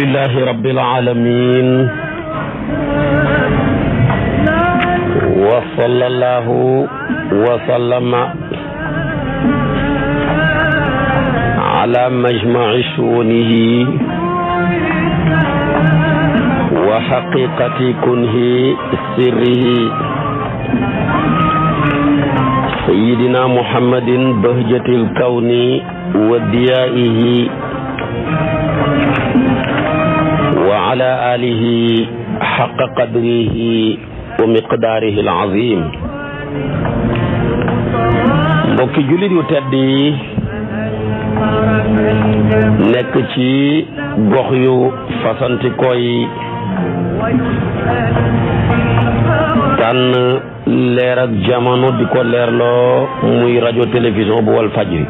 لله رب العالمين وصلى الله وسلم على مجمع شؤونه وحقيقة كنه سره سيدنا محمد بهجة الكون وديائه وعلى آله حق قدره ومقداره العظيم mbokki jullit yu tedd yi nekk ci gox yu fasantikoo yi tànn leer ak jamono di ko leerloo muy rajo télévision bu wal fajri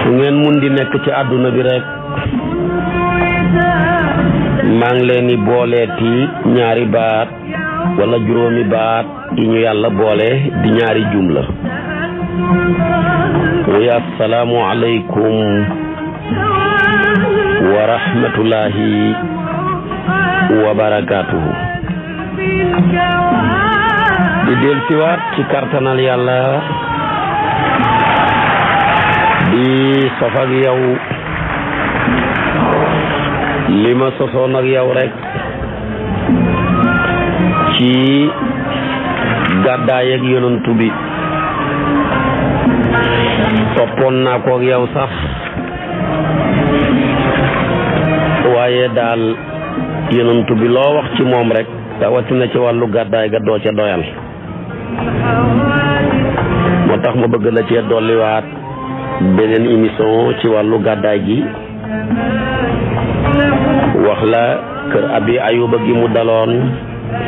fu ngeen mun di nekk ci àdduna bi rek maa leeni leen di booleeti ñaari baat wala juróomi baat yi ñu yàlla boole di ñaari jumla muy assalaamu aleykum wa rahmatullahi wa barakaatuhu di del ci kartanal yàlla di sof yow lima ma sosoon ak yow rek ci gàddaay ak yonantu bi topon naa ko ak yow sax waaye daal yonantu bi loo wax ci moom rek rawatina ci wàllu gàddaay ga doo ca doyal moo tax ma bëgg la cee émission ci gi wax la kër abi ayuba gi mu daloon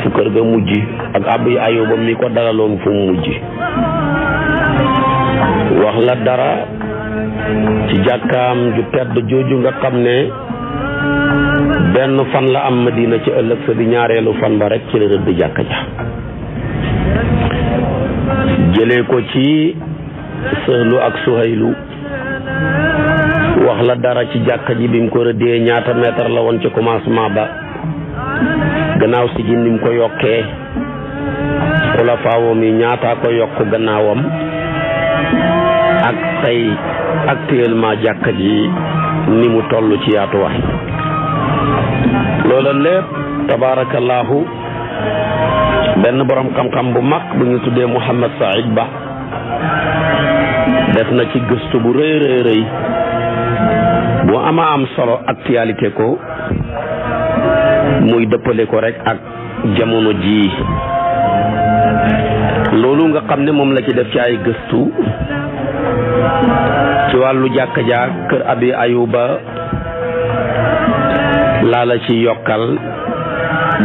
fu kër ga mujj ak abi ayuba mi ko dalaloon fu mu mujj wax la dara ci jàkkaam ju tedd jooju nga xam ne benn fan la am diina ci ëllëg sa di ñaareelu fan ba rekk ci la rëdd jàkka ja jëlee ko ci sëhlu ak suhaylu soxla dara ci jàkka ji bi mu ko rëddee ñaata mètre la woon ci commencement ba gannaaw si ji ni mu ko yokkee xulafaawoom yi ñaata ko yokk gannaawam ak tey actuellement jàkka ji ni mu toll ci yaatuwaay loola lépp tabaarakallaahu benn boroom xam-xam bu mag bu ñu tuddee Mouhamed Saïd Ba def na ci gëstu bu rëy rëy rëy bu amaa am solo actualité ko muy dëppale ko rekk ak jamono ji loolu nga xam ne moom la ci def ci ay gëstu ci wàllu jàkka ja kër abi ayuba laa la ci yokkal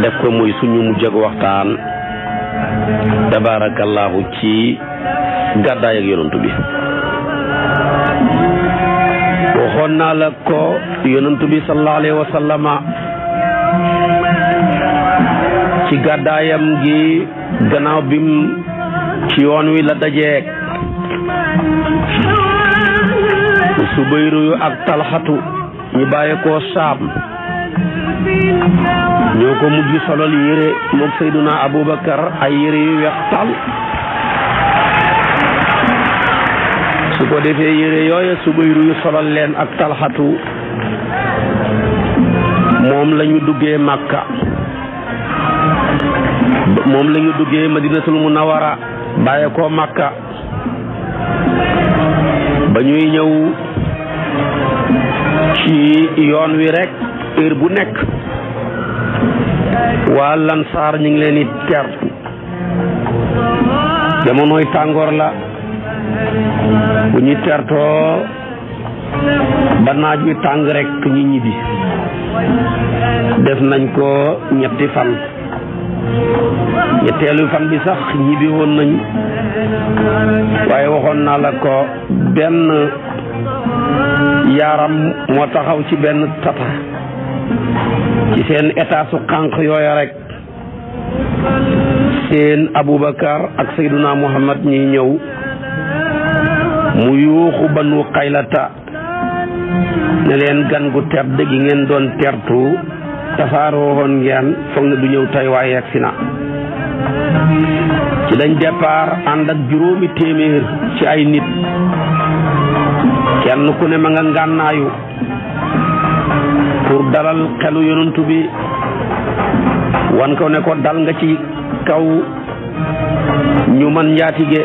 def ko muy suñu mu jëg waxtaan tabaarakallaahu ci gàddaay ak yonantu bi waxoon naa la ko yonantu bi sallallahu alayhi wa sallama ci gàddaayam gi gannaaw bim ci yoon wi la dajeek subayru yu ak talxatu ñu bàyyi koo saam ñoo ko mujj solol yére mook sayduna abubakar ay yére yu weex tal su ko defee yére yooya subayru yu solal leen ak talxatu moom lañu duggee màkka moom la ñu duggee madinatul munawara bàyye koo màkka ba ñuy ñëw ci yoon wi rekk heure bu nekk waa lansaar ñu ngi leen di tertu jamonoy tàngoor la bu ñu tertoo ba naaj wi tàng rekk ñu ñibbi def nañ ko ñetti fan ñetteelu fan bi sax ñibbi woon nañu waaye waxoon naa la ko benn yaaram moo taxaw ci benn tata ci seen état su xànq yooya rek seen Aboubacar ak Seyduna Muhammad ñi ñëw mu yuuxu banu xaylata ne leen gan gu tedd gi ngeen doon tertu tafaaroo woon ngeen foog ne du ñëw tey waaye yegsi na ci lañ départ ànd ak juróomi téeméer ci ay nit kenn ku ne ma nga ngànnaayu pour dalal xelu yonantu bi wan ko ne ko dal nga ci kaw ñu man njaatige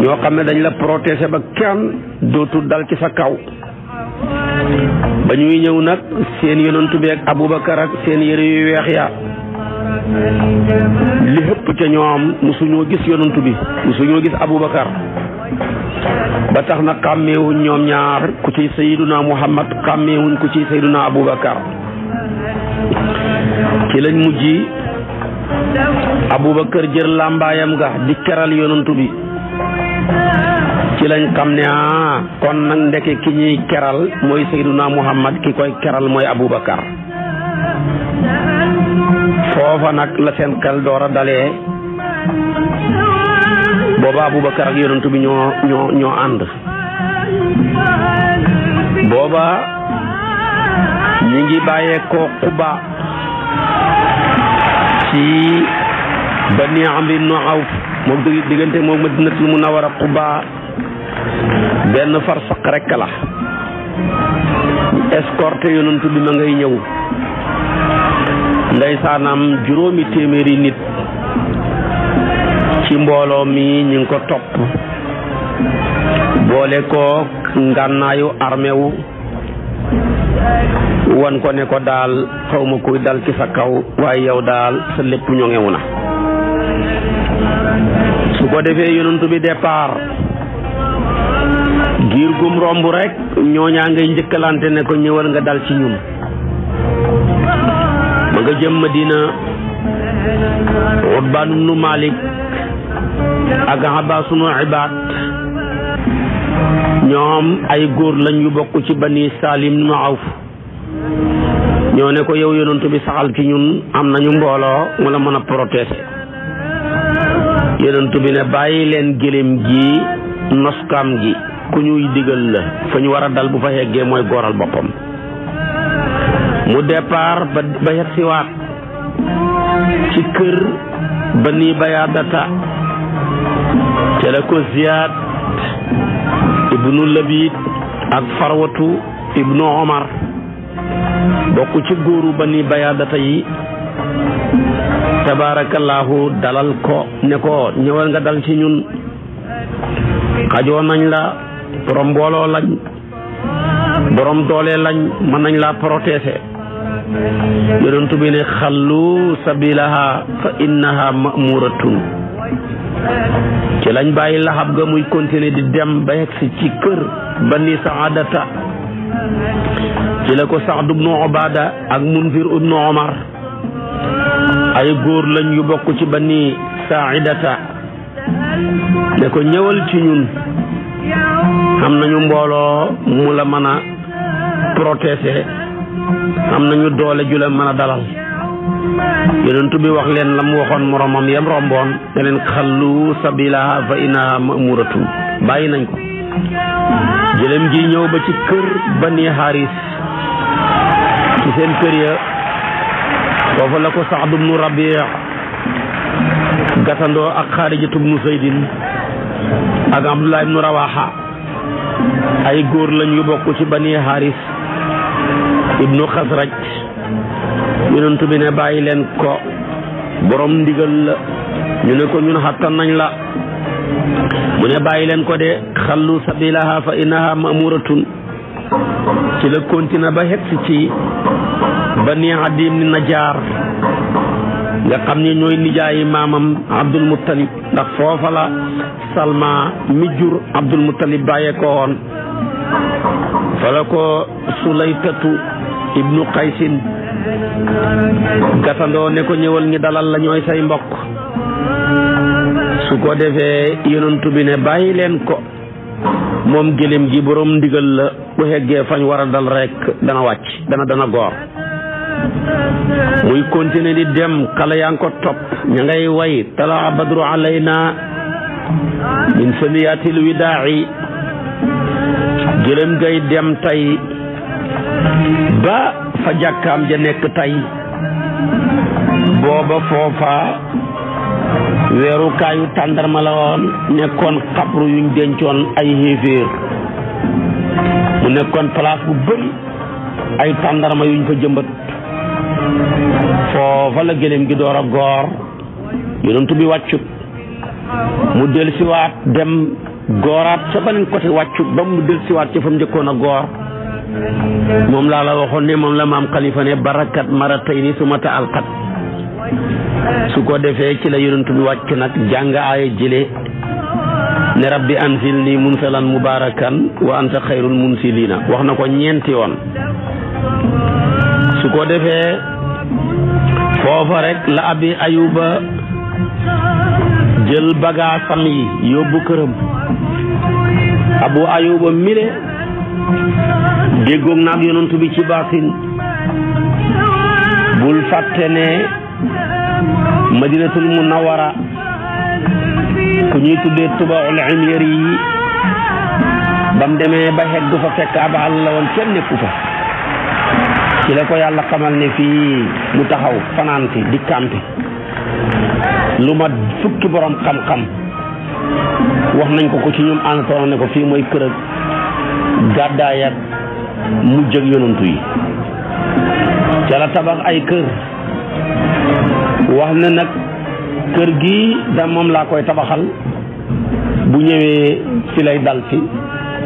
ñoo xam ne dañ la protéger ba kenn dootul dal ci sa kaw ba ñuy ñëw nag seen yonantu bi ak abubakar ak seen yëre yu weex ya li hëpp ca ñoom musuñoo gis yonantu bi musuñoo gis abubakar ba tax na xàmmeewuñ ñoom ñaar ku ci sayyiduna muhammad xàmmeewuñ ku ci sayyiduna abubakar ci lañ mujj abubakar jër làmbaayam nga di keral yonantu bi ci lañ xam ne ah kon nag ndeke ki ñuy keral mooy sayduna muhammad ki koy keral mooy abubakar foofa nag la seen kal door a dalee booba abubakar ak yonantu bi ñoo ñoo ànd booba ñi ngi bàyyee ko Quba ci bani Amr ibn Awf moom diggante moom Madinatul Munawwara Quba benn farsaq rekk la escorté yonent bi ma ngay ñëw ndeysaanam juróomi téeméeri nit ci mbooloo mi ñu ngi ko topp boole ko ngànnaayu armé wu wan ko ne ko daal xawma kuy dal ci sa kaw waaye yow daal sa lépp ñoŋewu na defé yonentou bi départ giir gum romb rek ñoña ngay njëkkalante ne ko ñëwal nga dal ci ñun ba nga jëm madina utbaan ibnu malik ak abbas ibnu Ibad ñom ay goor lañ yu bokku ci bani salim ibnu auf ñoo ne ko yow yonentou bi saxal ci ñun am nañu mbolo mu la protéger yonent bi ne bàyyi leen gëléem gi noskaam gi ku ñuy digal la fa ñu war a dal bu fa yeggee mooy gooral boppam mu départ ba ba yegg siwaat ci kër ba nii ba yaadata ca la ko ziyaad ibnu labid ak farwatu ibnu omar bokk ci góoru ba nii ba yi tabaarakallaahu dalal ko ne ko ñëwal nga dal ci ñun xajoo nañ la borom mbooloo lañ borom doole lañ mën nañ laa protéger yonent bi ne xallu sabilaha fa innaha mamuratun ci lañ bàyyi laxab ga muy continuer di dem ba yegsi ci kër bani saadata ci la ko saad ubnu obada ak munfir ubnu omar ay góor lañ yu bokk ci bani saaidata ne ko ñëwal ci ñun am nañu mbooloo mu la mën a protéger am nañu doole ju la mën a dalal yonent bi wax leen la mu waxoon moromam yam romboon ne leen xallu sabilaha fa innaha mamuratun bàyyi nañ ko jëlem ji ñëw ba ci kër bani haris ci seen kër ya foofu la ko Saad bnu Rabi gatandoo ak Xaarijatu bnu Zaydin ak Abdullah ibnu Rawaha ay góor lañ yu bokk ci bani Haris ibnu Xasraj yonent bi ne bàyyi leen ko borom ndigal la ñu ne ko ñun xattan nañ la mu ne bàyyi leen ko de xallu sabilaha fa innaha mamuratun ci la continué ba xegsi ci bani Adi ibni jaar nga xam ne ñooy nijaayi maamam Abdul Muttalib ndax foofa la Salma mi jur Abdul Muttalib bàyyee ko woon ko la ko Sulaytatu ibnu Qaysin gatandoo ne ko ñëwal ñi dalal la ñooy say mbokk su ko defee yonantu bi ne bàyyi leen ko moom gëléem gi borom ndigal la bu heggee fañ war a dal rekk dana wàcc dana dana goor muy continuer di dem xale yaa ngi ko topp ña ngay way talaa badru alayna min saniyatil widaa'i gëlëm dem tay ba fa jàkkaam ja nekk tey booba foofa weerukaayu tàndarma la woon nekkoon xabru yuñ dencoon ay xéeféer mu nekkoon place bu bëri ay tàndarma yuñ fa jëmbat oo foofa la gëléem gi door a goor yonent bi wàccut mu del siwaat dem gooraat ca beneen côté wàccut ba mu del siwaat fa mu njëkkoon a goor moom laa la waxoon ne moom la maam xalifa ne barakat maratay ni su mata alxat su ko defee ci la yonent bi wàcc nag jàng aaya jële ne rabbi ansil ni munsalan mubarakan wa si lii munsilina wax na ko ñeenti yoon su ko defee foofa rek la abi ayuba jël bagaasam yi yóbbu këram abu ayuba mile déggoog naag yonantu bi ci baatin bul fàtte ne madinatul munawara ku ñuy tuddee tubaul imyari yi bam demee ba xegg fa fekk ab àll la woon kenn nekku fa ci la ko yàlla xamal ne fii mu taxaw fanaan fi di kampi lu mat fukki borom xam-xam wax nañ ko ko ci ñoom ànd ne ko fii mooy kër ak gàddaay ak mujj ak yonantu yi ca la tabax ay kër wax ne nag kër gi da moom laa koy tabaxal bu ñëwee fi lay dal fi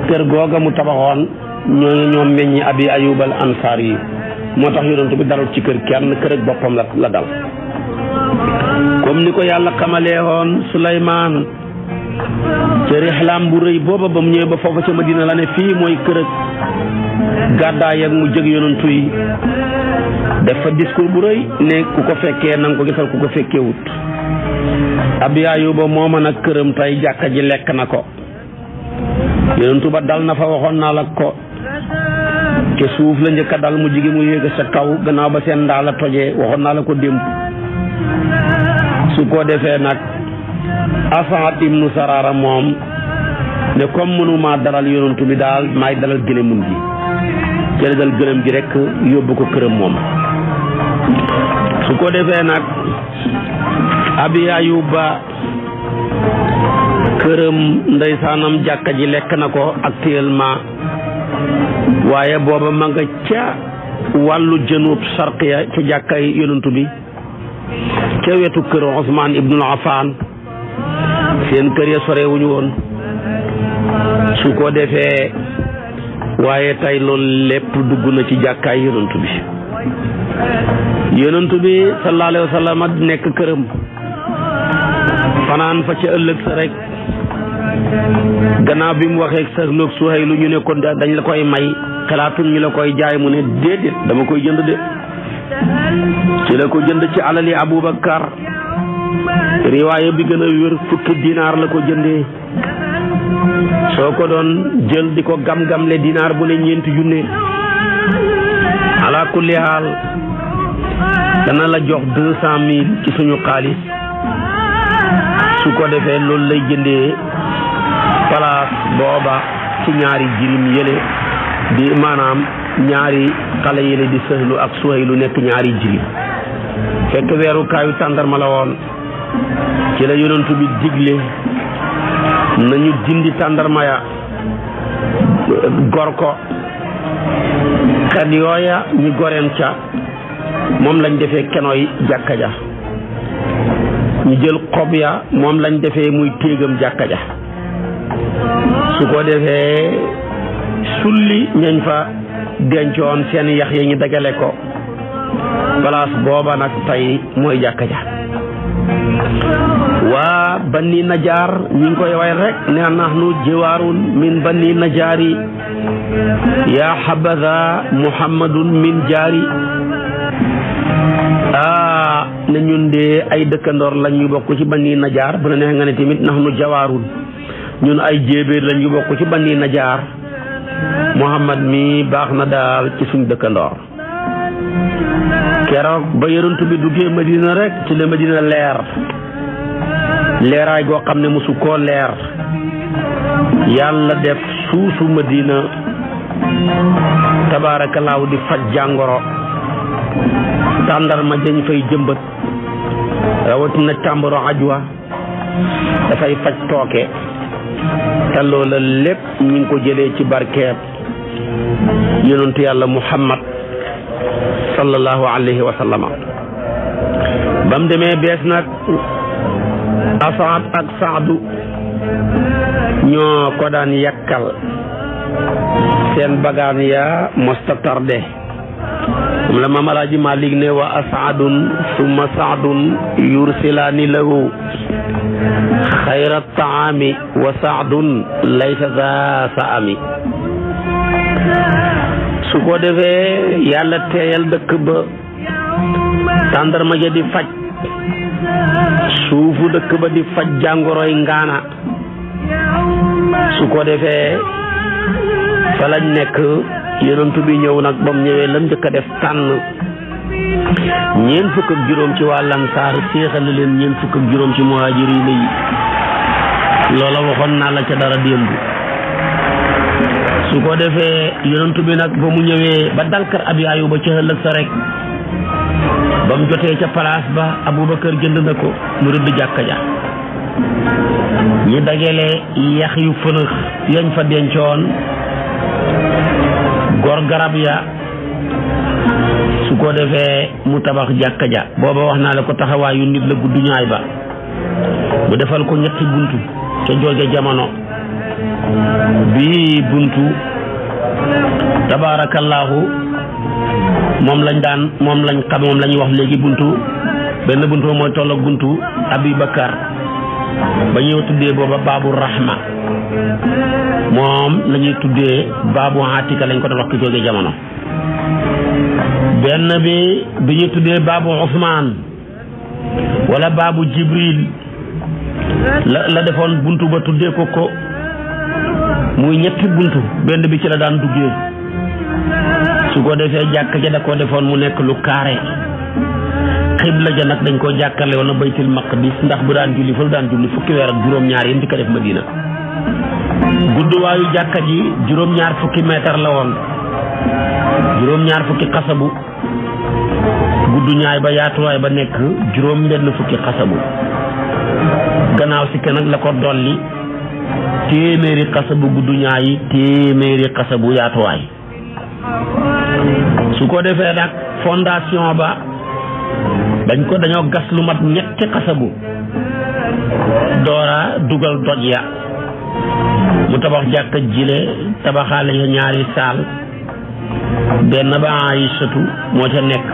kër googa mu tabaxoon ñooñu ñoom meññi abi ayubal ansaar yi moo tax yonent bi dalul ci kër kenn kër ak boppam la la dal comme ni ko yàlla xamalee woon Suleymaan ca rixlaam bu rëy booba ba mu ñëwee ba foofa ca Madina la ne fii mooy kër ak gàddaay ak mu jëg yonentu yi def fa discours bu rëy ne ku ko fekkee nanga ko gisal ku ko fekkee wut ab yaayuba mooma nag këram tey jàkka ji lekk na ko yonentu ba dal na fa waxoon naa la ko te suuf la njëkk dal mu jigi mu yéeg sa kaw gannaaw ba seen ndaa la tojee waxoon naa la ko démb su ko defee nag asaat ibnu saraara moom ne comme mënuma dalal yonantu bi daal maay dalal gëlëmum gi ci dal gëlëm gi rek yóbbu ko këram moom su ko defee nag abi ayuba këram ndeysaanam jàkka ji lekk na ko actuellement waaye booba ma nga ca wàllu jënub sarqiya ca jàkkay yonantu bi ca wetu kër Ousmane ibnul Affan seen kër ya sorewuñu woon su ko defee waaye tey loolu lépp dugg na ci jàkkaay yonantu bi yonantu bi sallallahu alayhi wa nekk këram fanaan fa ca ëllëg sa rek gannaaw bi mu waxee saxloog lu ñu ne kon dañ la koy may xalaatuñ ñu la koy jaay mu ne déedéet dama koy jënd de ci la ko jënd ci alali Aboubacar riwaaya bi gën a wér fukki dinaar la ko jëndee soo ko doon jël di ko gam-gamle dinaar bu ne ñeenti junne ala kulli dana la jox deux cent mille ci suñu xaalis su ko defee loolu lay jëndee place booba ci ñaari jirim yële di maanaam ñaari xale yële di sëhlu ak lu nekk ñaari jirim fekk weeru kaayu tàndarma la woon ci la yonent bi digle nañu dindi tàndarma ya gor ko xet yooya goreen ca moom lañ defee kenooy jàkka ja ñu jël xob ya moom lañ defee muy téegam jàkka ja su ko defee sulli ñañ fa dencoon seen yax yi ñu dagale ko place booba nag tay mooy jàkka ja waa banni jaar ñi ngi koy way rek ne nahnu jiwaarun min banni najaari yaa habada muhammadun min jaari ah ne ñun de ay dëkkandoor lañuy bokk ci banni najaar bu la neex nga ne tamit nahnu jawaarun ñun ay jéebéer lañ yu bokk ci bani najaar muhammad mi baax na daal ci suñ dëkkandoor keroog ba yonent bi duggee madina rek ci la madina leer leeraay goo xam ne mosu koo leer yàlla def suusu madina tabaarakallaahu di faj jàngoro tàndarma dañ fay jëmbat rawatina tàmbaro ajwa dafay faj tooke te loola lépp ñu ko jëlee ci barkeeb yonentu yàlla muhammad sallallahu alayhi wa sallama ba mu demee bees nag asaad ak saadu ñoo ko daan yàkkal seen bagaan yaa mosta tarde moom la maam alaaji Maalik ne wa asaadun summa saadun yursilaani lahu xayra taami wa saadun laysa za saami su ko defee yàlla teeyal dëkk ba tàndarma ja di faj suufu dëkk ba di faj jàngoroy ngaana su ko defee fa lañ nekk yonent bi ñëw nag ba mu ñëwee lam njëkk def tànn ñeent fukk juróom ci waa lansaar séexal leen ñeent fukk ak juróom ci muhaajiriina yi loola waxoon naa la ca dara démb su ko defee yonent bi nag ba mu ñëwee ba dalkar abi ba ca ëllëg sa rek ba mu jotee ca palaas ba abubakar jënd na ko mu rëdd jàkka ja ñu dagale yax yu fënëx yañ fa dencoon gor garab ya su ko defee mu tabax jàkka ja booba wax naa la ko taxawaayu nit la guddi ñaay ba bu defal ko ñetti buntu ca jooja jamono bii buntu tabaarakallaahu moom lañ daan moom lañ xam moom lañuy wax léegi buntu benn buntu mooy tolloog buntu Abibakar ba ñëw tuddee booba baabu rahma moom la ñuy tuddee baabu atika lañ ko doon wax ki kooge jamono benn bi bi ñu tuddee baabu ousmaan wala baabu jibril la la defoon buntu ba tuddee ko ko muy ñetti buntu benn bi ci la daan duggee su ko defee jàkk ja da koo defoon mu nekk lu kaare qibla ja nak dañ ko jàkkarle wala baytul maqdis ndax bu daan julli fa daan julli fukki wer ak juróom ñaar yi ko def madina gudduwaayu jàkka ji juróom ñaar fukki meter la won juróom ñaar fukki qasabu guddu ñaay ba way ba nek juróom benn fukki qasabu gannaaw si nag la ko dolli téméré qasabu guddu téméré qasabu yaatu way su ko defé nak fondation ba dañ ko dañoo gas lu mat ñetti xasabu doora dugal doj ya mu tabax jàkk jile tabaxaale ya ñaari saal benn ba aïchatu moo ca nekk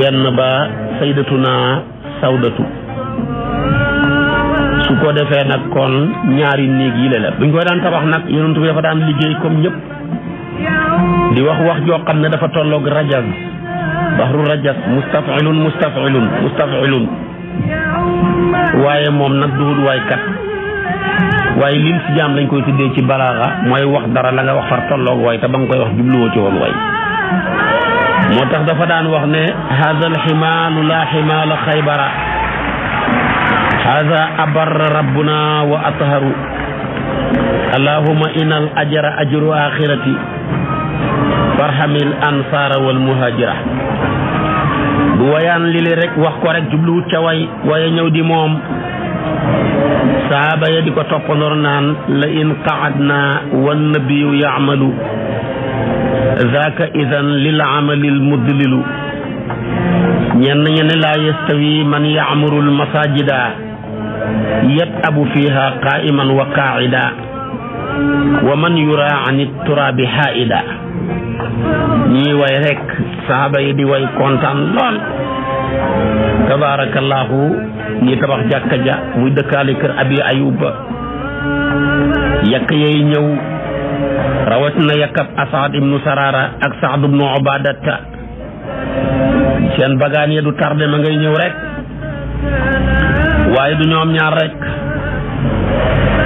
benn ba saydatuna sawdatu su ko defee nak kon ñaari néeg yi la buñ koy daan tabax nag yonentu bi dafa daan liggéey comme ñëpp di wax wax joo xam dafa rajal shahru rajab mustafilun mustafilun mustafilun waaye moom nag duhul waay kat waaye lil si jaam lañ koy tuddee ci balaaxa mooy wax dara la nga wax far tolloog waay te ba nga koy wax jubluwoo ci woon waay moo tax dafa daan wax ne hada alximaalu la ximaala xaybara hada abarra rabbuna wa atharu allahuma inal ajra ajru axirati farhamil ansaara wal muhajira du wayaan lili rek wax ko rek jubluwut ca way waye ñëw di moom saaba ya di ko toppandoor naan la in qaadna wan nabiyu yaamalu zaaka idan lil amalil mudlilu ñenn ñe ne laa yastawi man yaamuru al masajida yatabu fiha qaiman wa qaida wa man yura an turabi haida ñuy way rek saxaaba yi di way kontaan lool tabaarakallaahu ñi tabax jàkka ja muy dëkkaale kër abi ayuba yàkk yay ñëw rawat na yàkkab asaad ibnu sarara ak saad ibnu obadata seen bagaan ya du tardé ma ngay ñëw rek waaye du ñoom ñaar rek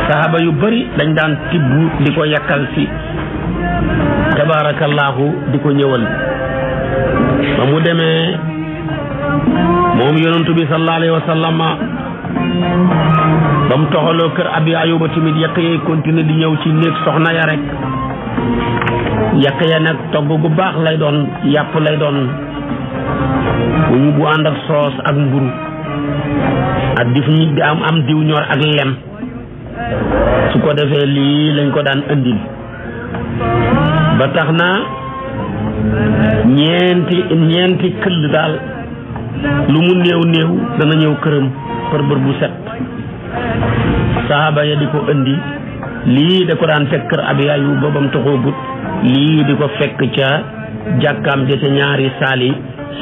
saxaaba yu bari dañ daan tibb di ko yàkkal ci tabaarakallaahu di ko ñëwal ba mu demee moom yonantu bi sallallahu alayhi wa sallam ba mu toxaloo kër abi ayuba tamit yàq yay continuer di ñëw ci néeg soxna ya rek yàq ya nag togg bu baax lay doon yàpp lay doon bu ànd ak soos ak mburu ak dif ñi am am diw ñor ak lem su ko defee lii lañ ko daan andil ba tax na ñeenti ñeenti këll daal lu mu néew néew dana ñëw këram par bër bu set saaba ya di ko indi lii da ko daan fekk kër ab yaayu boobam taxoogut lii di ko fekk ca jàkkaam ja ca ñaari saali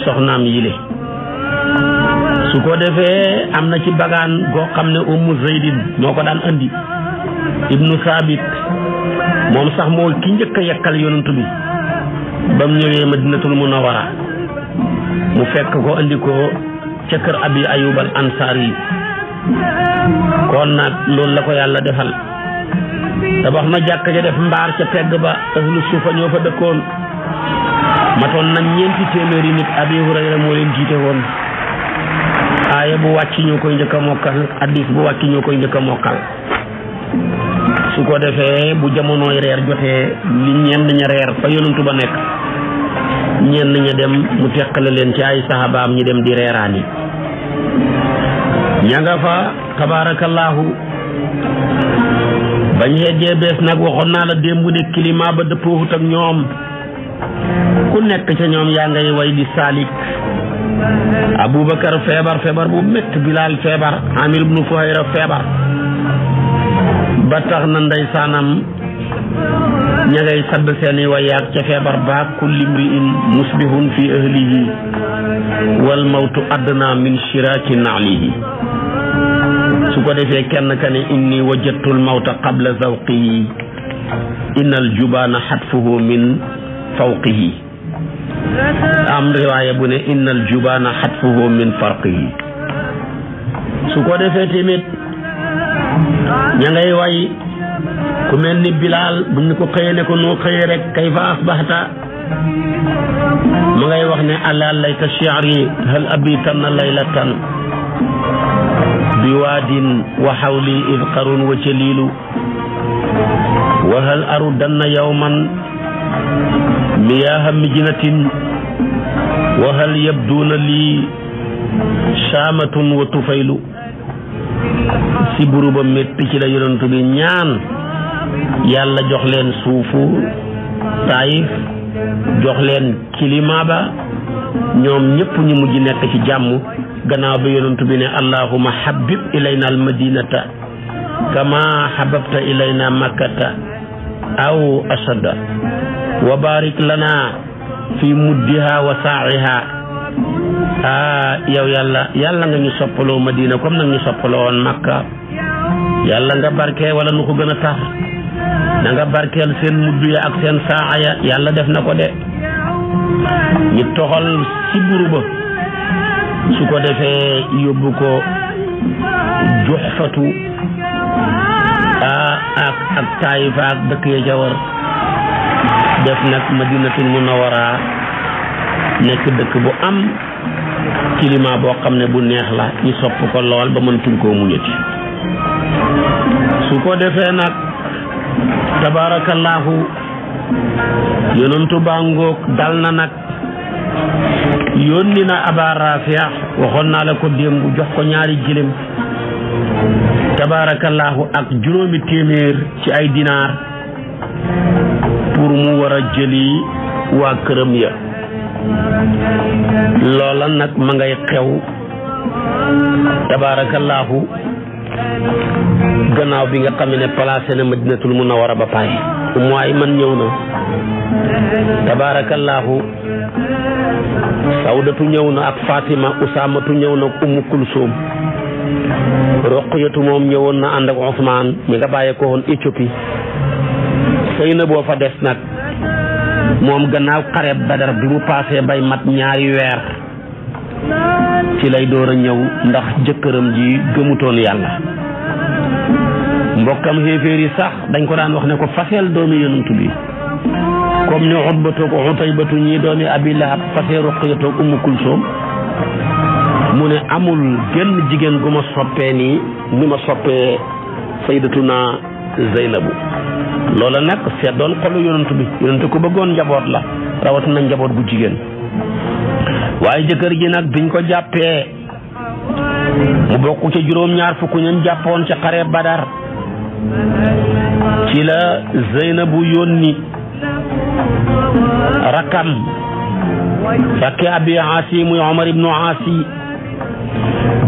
soxnaam yile su ko defee am na ci bagaan goo xam ne umu zeydin moo ko daan indi ibnu saabit moom sax moo ki njëkk a yekkal yonent bi ba mu ñëwee madinatul munawara mu fekk ko andi ko ca kër abi ayub al ansaar yi kon nag loolu la ko yàlla defal tabax na jàkk ja def mbaar ca pegg ba ahlu suufa ñoo fa dëkkoon matoon nañ ñeenti téeméeri nit abi hurayra moo leen jiite woon aaya bu wàcc ñoo koy njëkk a mokkal hadis bu wàcc ñoo koy njëkk a mokkal su ko defee bu jamonooy reer jotee li ñenn ña reer fa yonantu ba nekk ñenn ña dem mu teqale leen ci ay saxaabaam ñi dem di reeraani ña nga fa tabaarakallaahu bañ xeejee bees nag waxoon naa la démb ne climat ba dëppoowut ak ñoom ku nekk ca ñoom yaa ngay way di saalik abubakar feebar feebar bu métti bilaal feebar amir ibnu fuhayra feebar ba tax na ndeysaanam ña ngay sadd seeni wayaag ca feebar baag kulli mriin musbihun fi ahlihi wal mawtu adna min shiraaki naalihi su ko defee kenn ka ne inni wajadtul mawta qabla zawqihi innal jubaana xatfuhu min fawqihi am riwaaya bu ne innal jubaana xatfuhu min farqihi su ko defee tamit ña ngay way ku mel ni bilaal buñ ne ko xëyee ne ko noo xëyee rek kay fa asbaxta ma ngay wax ne ala layta shi'ri hal abitanna laylatan biwaadin wa hawli idqarun wa jalilu wa hal arudanna yawman miyaha mijnatin wa hal yabduna li shaamatun wa tufaylu si buruba métti ci la yonent bi ñaan yàlla jox leen suufu taayif jox leen kilima ba ñoom ñëpp ñu mujj nekk ci jàmm gannaaw ba yonent bi ne allahuma habib ilayna almadinata kama hababta ilayna makkata aw asada wa lana fi muddiha wa saa'iha ah yow yàlla yàlla nga ñu soppaloo Madina comme nag ñu soppaloo woon Makka yàlla nga barke wala nu ko gën a tax na nga barkeel seen muddu ya ak seen saaxa ya yàlla def na ko de ñu toxal ci buru su ko defee yóbbu ko juxfatu ah ak ak taayifa ak dëkk ya ca war def nag madinatul munawara nekk dëkk bu am climat boo xam ne bu neex la ñu sopp ko lool ba mëntuñ koo muñati su ko defee nag tabaarakallaahu yonantu baa ngoog dal na nag yónni na Aba Rafia waxoon naa la ko démb jox ko ñaari gilim tabaarakallaahu ak juróomi téeméer ci ay dinaar pour mu war a jëli waa këram ya loola nag ma ngay xew tabaarakallaahu gannaaw bi nga xam ne placé na madinatul munawara ba pare mooy man ñëw na tabaarakallaahu sawdatu ñëw na ak fatima usaamatu ñëw na ak ummu kulsum roqiyatu moom ñëwoon na ànd ak Ousmane mi nga bàyyee ko Éthiopie sëy na fa des nag moom gannaaw xareb badar bi mu paasee bay mat ñaari weer ci lay door a ñëw ndax jëkkëram ji gëmutoon yàlla mbokkam xéeféer yi sax dañ ko daan wax ne ko faseel doomi yonent bi comme ni xutbatoog xutaybatu ñi doomi abi lahab fasee ruqyatoog umu kulsoom mu ne amul genn jigéen gu ma soppee nii ni ma soppee sayyidatuna zeynabu loola nag seddoon xolu yonent bi yonent ko bëggoon njaboot la rawatina njaboot gu jigéen waaye jëkkër ji nag biñ ko jàppee mu bokk ca juróom-ñaar fukk ñan jàppoon ca xare badar ci la Zeynabu yónni rakam rakki abi aasi muy Omar ibnu aasi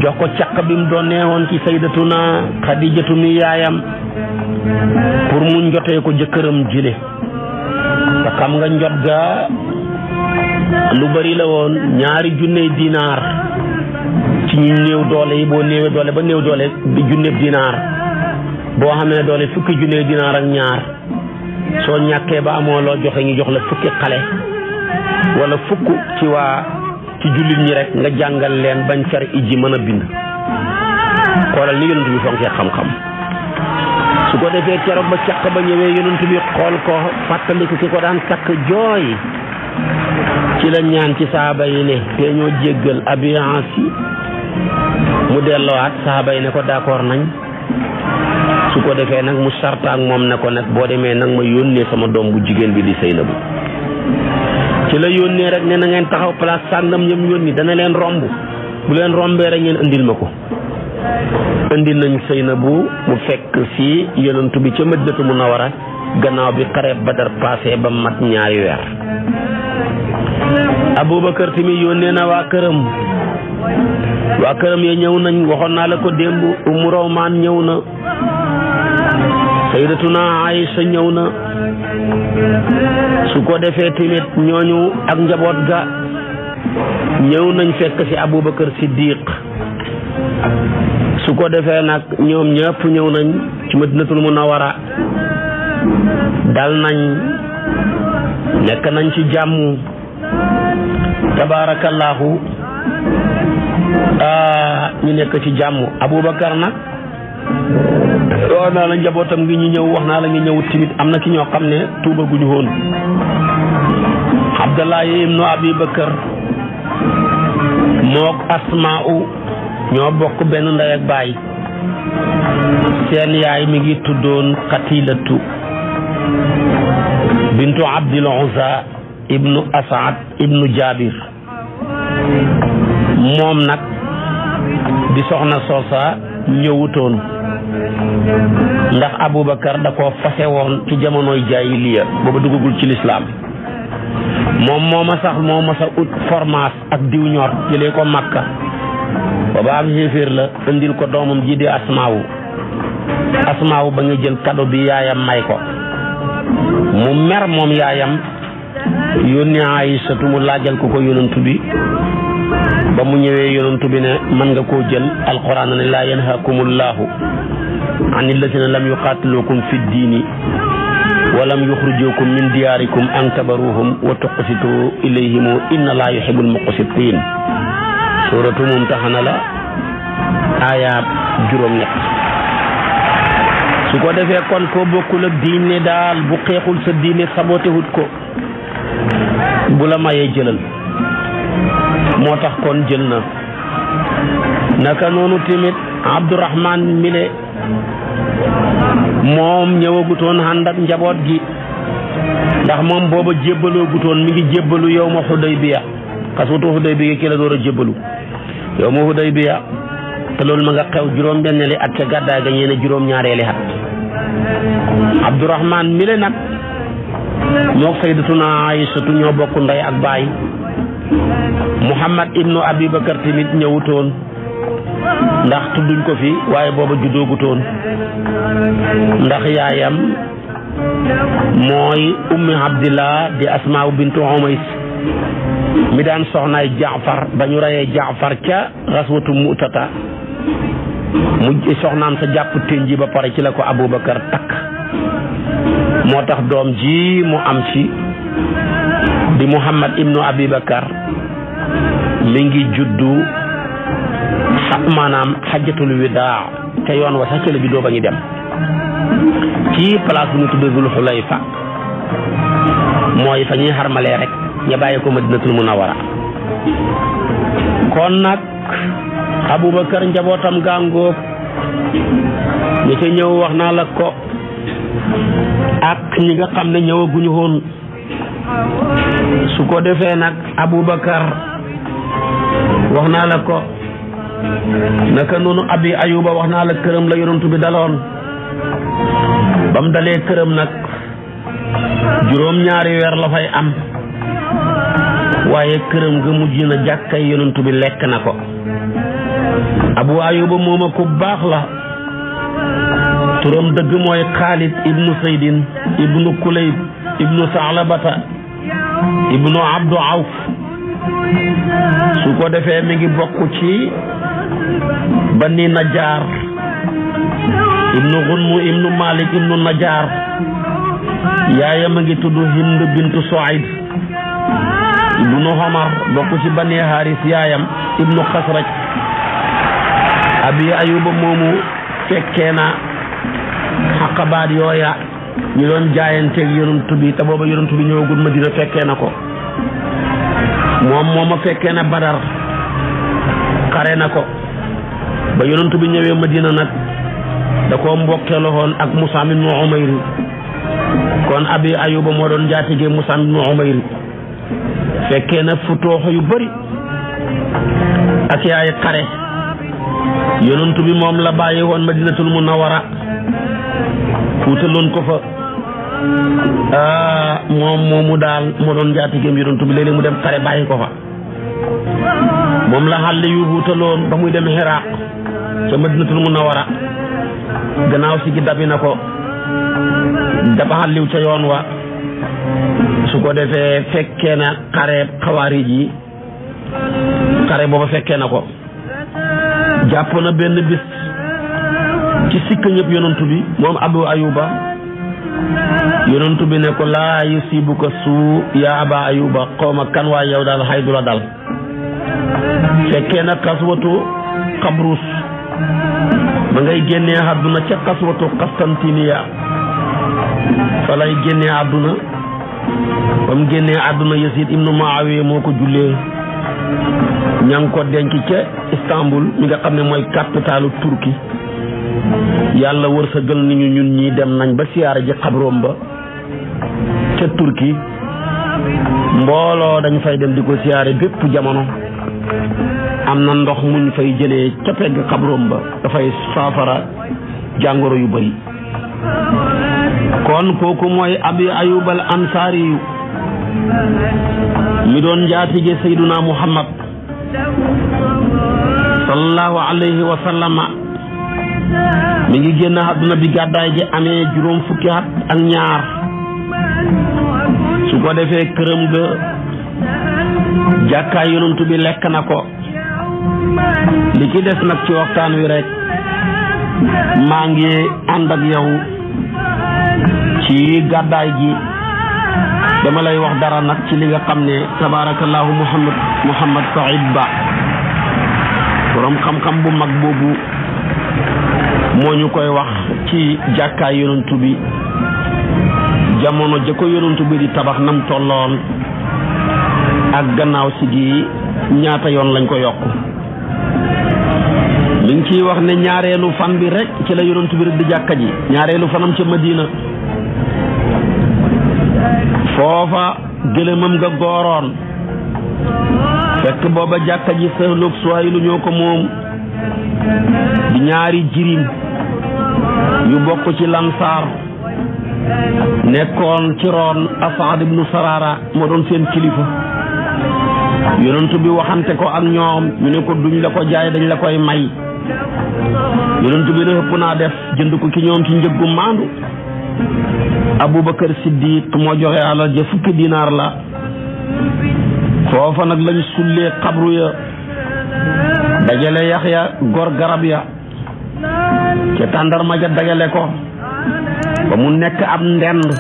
jox ko caq bi mu doon neexoon ci saydatuna Xadijatu mi yaayam pour mu njotee ko jëkkëram jile xam nga njot ga lu bari la woon ñaari junney dinaar ci ñu néew doole yi boo néewee doole ba néew doole di junne dinaar boo xamee doole fukki junney dinaar ak ñaar soo ñàkkee ba amoo loo joxe ñu jox la fukki xale wala fukk ci waa ci jullit ñi rek nga jàngal leen bañ fer ijji mën a bind xoolal ni yonent bi fonkee xam-xam su ko defee keroog ba caq ba ñëwee yonent bi xool ko fàttaliku ki ko daan takk jooy ci la ñaan ci saaba yi ne te ñoo jéggal abiance yi mu dellowaat saaba yi ne ko d'accord nañ su ko defee nag mu sartaak moom ne ko nag boo demee nag ma yónnee sama doom bu jigéen bi di Seynabu ci la yónnee rek ne na ngeen taxaw place sàngam ñoom yónni dana leen romb bu leen rombee rek ngeen indil ma ko indi nañ Seynabu mu fekk ci yonantu bi ca Madinatu Munawara gannaaw bi xareb Badar passé ba mat ñaari weer Aboubacar tamit yónnee na waa këram waa këram ya ñëw nañ waxoon naa la ko démb Umu Rawmaan ñëw na Sayyidatuna sa ñëw na su ko defee tamit ñooñu ak njaboot ga ñëw nañ fekk si Aboubacar Siddiq su ko defee nag ñoom ñëpp ñëw nañ ci a munawara dal nañ nekk nañ ci jàmm tabaarakallaahu ah, ñu nekk ci jàmm abubakar nag wax naa la njabootam ngi ñu ñëw wax naa la ngi ñëw timit am na ki ñoo xam ne tuuba gu ñu woon abdallah ibnu abi bakar mook asmaa'u ñoo bokk benn ndey ak baay seen yaay mi ngi tuddoon xatilatu bintu abdil uzza ibnu asad ibnu jabir moom nag di soxna soosa ñëwutoon ndax aboubacar da ko fase ci jamonoy jaahiliya booba duggagul ci lislaam moom moo ma sax moo ma sa ut formaas ak diw jëlee ko makka booba am xéeféer la indil ko doomam ji di asmaawu asmaawu ba nga jël kado bi yaayam may ko mu mer moom yaayam yónni Aysatu mu laajal ko ko yonantu bi ba mu ñëwee yonantu bi ne mën nga ko jël alquran ne laa yanhaakumullahu an illazina lam yuqatilukum fi ddiini wa lam yuxrijukum min diyaarikum an wa tuqsitu ilayhimu inna laa yuhibbul muqsitin suuratu mumtaxana la aayaab juróom ñett su ko defee kon koo bokkul ak diine daal bu xeexul sa diine sabotewut ko bu la mayee jëlal moo tax kon jël na naka noonu tamit abdourahman mile moom ñëwagutoon ànd ak njaboot gi ndax moom booba jébbaloo mu mi ngi jébbalu yow ma Xudaybiya xaswatu Hudaybiya ki la door a jébbalu yow ma Hudaybiya te loolu ma nga xew juróom benn li at ca gàddaay ga ñeena juróom ñaareeli at Abdourahman mi le nag moog sayyidatuna Aysatu ñoo bokk ndey ak baay Muhammad ibnu Abi Bakar ñëwutoon ndax tudduñ ko fi waaye booba juddoogutoon ndax yaayam mooy ummi Abdillah di Asmaa bintu Umays mi daan soxnaay jaafar bañu ñu jaafar ca raswatu mutata mu soxnaam sa japp tenji ba pare ci lako ko abubakar tak motax dom ji mu am ci di muhammad ibnu abubakar mi ngi juddu manam hajjatul wida' te yoon wa sax ci la juddoo ba dem ci place bu ñu tuddee Zul moy mooy harmalé rek ña bàyyi ko ma a munawara kon nag abubakar njabootam gàngoog ñi ca ñëw wax naa la ko ak ñi nga xam ne ñëwaguñu woon su ko defee nag abubakar wax naa la ko naka noonu abi ayuba wax naa la këram la yonantu bi daloon bam dalee këram nag juróom ñaari weer la fay am waaye këram ga mujj na jàkkay yonantu bi lekk na ko abu ayuba mooma ku baax la turam dëgg mooy xaalid ibnu saydin ibnu kulayb ibnu saalabata ibnu abdu awf su ko defee mi ngi bokk ci bani najaar ibnu xunmu ibnu malik ibnu najaar yaayam a ngi tudd hind bintu soaid ibnu Omar bokk ci bani Haris yaayam ibnu Xasraj abi ayuba moomu fekkee na xaqabaat yooya ñu doon jaayanteeg yonent bi te booba yonent bi ñëwagul Madina fekkee na ko moom mooma fekkee na Badar xare na ko ba yonent bi ñëwee Madina nag da koo mbokkee loxoon ak Musaam ibnu Umayr kon abi ayuba moo doon jaatige Musaam ibnu Umayr fekkee na futooxo yu bëri ak yaay xare yonantu bi moom la bàyyi woon madinatul mu nawara fuutaloon ko fa ah, moom moomu daal moo doon njaatigéem yonantu bi léeg-léeg mu dem xare bàyyi ko fa moom la xàlli yu fuutaloon ba muy dem xiraaq sa madinatul mu nawara gannaaw si gi dabi na ko dafa xàlliw ca yoon wa su ko defee fekkee na xareeb xawaarij yi xare booba fekkee na ko jàpp na benn bis ci sikka ñëpp yonantu bi moom abu ayuba yonantu bi ne ko laa yusibuka suu yaa aba ayuba xawma kan waaye yow daal xay du la dal fekkee na xaswatu xabrus ba ngay génnee àdduna ca xaswatu xastantiniya fa lay génnee àdduna ba mu génnee àdduna Yasid ibnu awee moo ko jullee ña ko denc ca Istanbul mi nga xam ne mooy capitalu Turki yàlla wër wërsëgal nañu ñun ñii dem nañ ba siyaare ji xabroom ba ca Turki mbooloo dañ fay dem di ko siyaare bépp jamono am na ndox mu muñ fay jëlee ca pegg xabroom ba dafay saafara jàngoro yu bari kon kooku mooy abi ayub ansaari mi doon njaatige sayduna muhammad sallallahu alayhi wa sallama mi ngi génn àdduna bi gàddaay gi amee juróom fukki at ak ñaar su ko defee këram ga jàkkaay yonantu bi lekk na ko li ki des nag ci waxtaan wi rek maa ngi ànd ak yow kii gàddaay gi dama lay wax dara nag ci li nga xam ne tabarakallahu muhammad muhammad said ba borom xam-xam bu mag boobu moo ñu koy wax ci jàkkaay yonantu bi jamono ja ko yonantu bi di tabax nam tolloon ak gannaaw si gi ñaata yoon lañ ko yokk mi ngi ciy wax ne ñaareelu fan bi rek ci la yonantu bi rek di jàkka ji ñaareelu fanam ca Madina foofa gëlëmam nga gooroon fekk booba jàkka ji sëhloog lu ñoo ko moom di ñaari jirim yu bokk ci lansaar nekkoon ci roon asaad ibnu sarara moo doon seen kilifa yonentu bi waxante ko ak ñoom ñu ne ko duñ la ko jaay dañ la koy may yonentu bi ne ëpp naa def jënd ko ki ñoom ci njëggu maandu aboubacar siddiq moo joxe alal ja fukki dinaar la foofa nag lañ sullee xabru ya dajale yax ya gor garab ya ca tàndarma dajale ko ba mu nekk ab ndend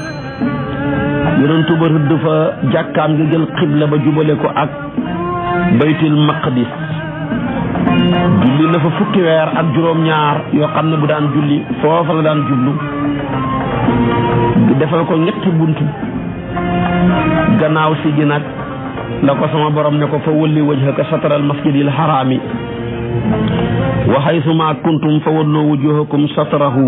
yonentu ba rëdd fa jàkkaam nga jël xibla ba jubale ko ak baytul maqdis julli na fa fukki weer ak juróom ñaar yoo xam ne bu daan julli foofa la daan jublu defal ko ñetti buntu gannaaw si gi nag la ko sama borom ne ko fa wëlli wajhaka satral masjidil haraami wa haythuma kuntum fa wallu wujuhakum satrahu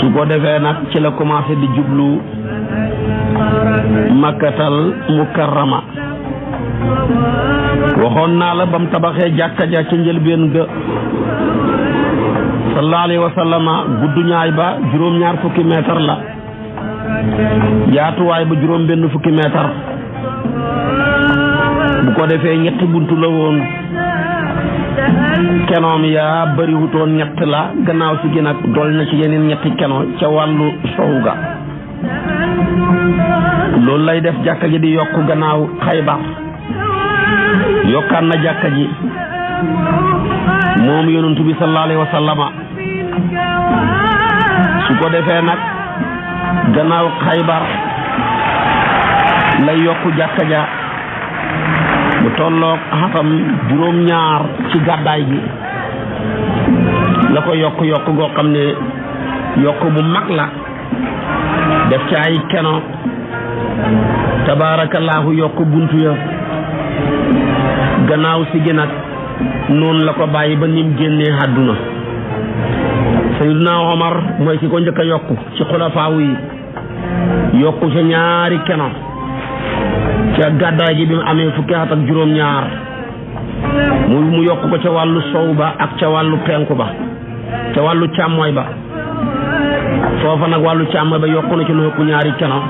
su ko defee nag ci la commencé di jublu makkatal mukarrama waxoon naa la bam tabaxee jàkka ja ca njëlbeen ga sallallahu alayhi wa ñaay ba juróom-ñaar fukki meetar la yaatuwaay ba juróom benn fukki meetar bu ko defee ñetti buntu la woon kenoom yaa bariwutoon ñett la gannaaw si gi nag na ci yeneen ñetti keno ca wàllu sowu ga loolu lay def jàkka ji di yokk gannaaw xaybar yokkaat na jàkka ji moom yonentu bi sallallahu alayhi wa su ko defee nag gannaaw xaybar lay yokk jàkka ja bu tolloog xatam juróom-ñaar ci gàddaay gi la ko yokk yokk goo xam ne yokk bu mag la def ci ay keno tabaarakallaahu yokk buntu ya gannaaw si gi nag noonu la ko bàyyi ba nim génnee àdduna Sayyiduna Omar mooy ki ko njëkk a yokku ci xulafaaw yi yokku ca ñaari keno ca gàddaay gi bi mu amee fukki at ak juróom-ñaar mu mu yokk ko ca wàllu sow ba ak ca wàllu penku ba ca wàllu càmmooy ba foofa nag wàllu càmmooy ba yokku na ci lu yokku ñaari keno